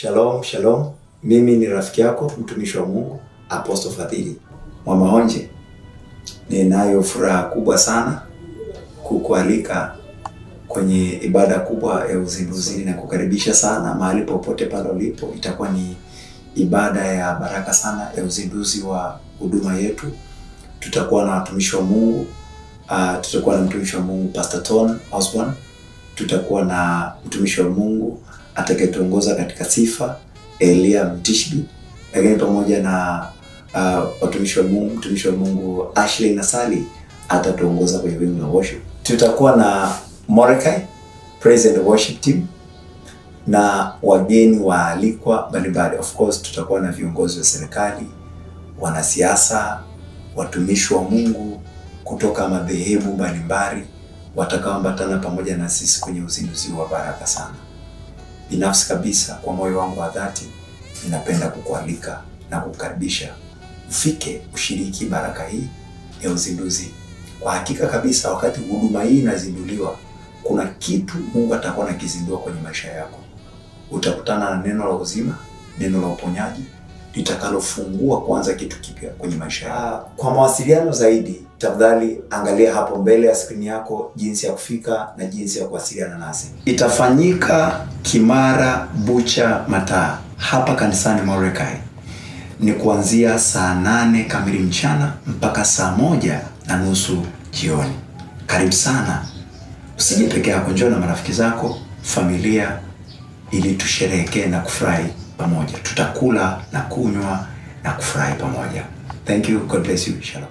Shalom, shalom. Mimi ni rafiki yako mtumishi wa Mungu Apostle Fadhili Mwamaonje. Ninayo furaha kubwa sana kukualika kwenye ibada kubwa ya uzinduzi na kukaribisha sana mahali popote pale ulipo. Itakuwa ni ibada ya baraka sana ya uzinduzi wa huduma yetu. Tutakuwa na watumishi wa Mungu uh, tutakuwa na mtumishi wa Mungu Pastor Ton Osborne, tutakuwa na mtumishi wa Mungu atakayetuongoza katika sifa Elia Mtishbi, lakini pamoja na uh, watumishi wa Mungu, mtumishi wa Mungu Ashley Nasali atatuongoza kwenye wimbo wa worship. Tutakuwa na Morekai, praise and worship team na wageni waalikwa mbalimbali. Of course tutakuwa na viongozi wa serikali, wanasiasa, watumishi wa Mungu kutoka madhehebu mbalimbali watakaoambatana pamoja na sisi kwenye uzinduzi wa baraka sana. Binafsi kabisa kwa moyo wangu wa dhati, ninapenda kukualika na kukukaribisha ufike ushiriki baraka hii ya uzinduzi. Kwa hakika kabisa, wakati huduma hii inazinduliwa, kuna kitu Mungu atakuwa anakizindua kwenye maisha yako. Utakutana na neno la uzima, neno la uponyaji litakalofungua kuanza kitu kipya kwenye maisha yao Kwa mawasiliano zaidi, tafadhali angalia hapo mbele ya skrini yako jinsi ya kufika na jinsi ya kuwasiliana nasi. Itafanyika Kimara Bucha Mataa hapa kanisani Morekai, ni kuanzia saa nane kamili mchana mpaka saa moja na nusu jioni. Karibu sana, usije peke yako, njoo na marafiki zako, familia, ili tusherehekee na kufurahi pamoja, tutakula na kunywa na kufurahi pamoja. Thank you, God bless you. Shalom.